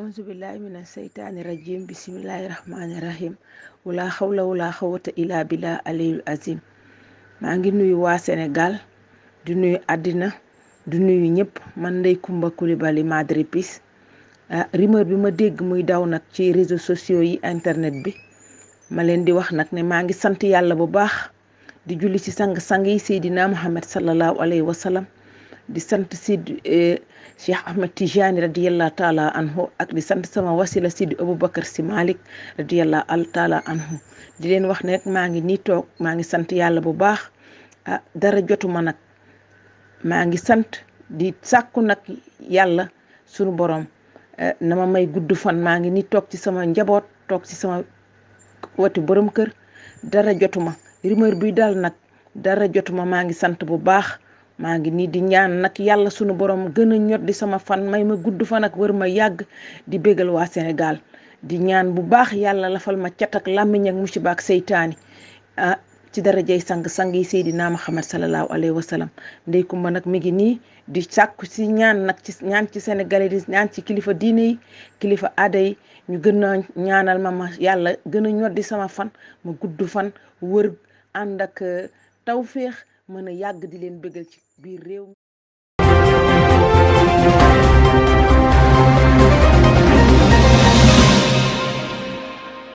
auzu billahi min aseytaani rajim bisimilahi rahmaani rahim wala xawla wala xawata ila bila aliyul azim maa ngi nuyu waa senegal di nuyu àddina di nuyu ñëpp man Ndeye kumba Coulibaly Madre Peace ah, rumeur bi ma dégg muy daw nag ci réseaux sociaux yi internet bi ma leen di wax nag ne maa ngi sant yàlla bu baax di julli ci sang sang yi Seydina Muhammad sallallahu alayhi wa di sant Sidi eh, Cheikh Ahmed Tijani radiyallahu taala anhu ak di sant sama wasila Sidi Aboubacar si Malick radiyallahu taala anhu di leen wax ne rek maa ngi nii toog maa ngi sant yàlla bu baax ah dara jotuma nag maa ngi sant di sàkku nag yàlla sunu borom eh, na ma may gudd fan maa ngi nii toog ci sama njaboot toog ci sama wati borom kër dara jotuma rumeur bi dal nag dara jotuma maa ngi sant bu baax. maa ngi nii di ñaan nag yàlla sunu borom gën a ñot di sama fan may ma gudd fan ak wër ma yàgg di bégal waa Sénégal di ñaan bu baax yàlla lafal ma cat ak làmmiñ ak musiba ak seytaani ah ci darajay sang-sang yi Seydina Muhammad sallallahu alayhi wa sallam ndey kumba nag mi ngi nii di sàkku si ñaan nag ci ñaan ci Sénégalais di ñaan ci kilifa diine yi kilifa aada yi ñu gën a ñaanal ma ma yàlla gën a ñot di sama fan ma gudd fan wër ànd ak eh, tawféex mën a yàgg di leen bëggal ci biir réew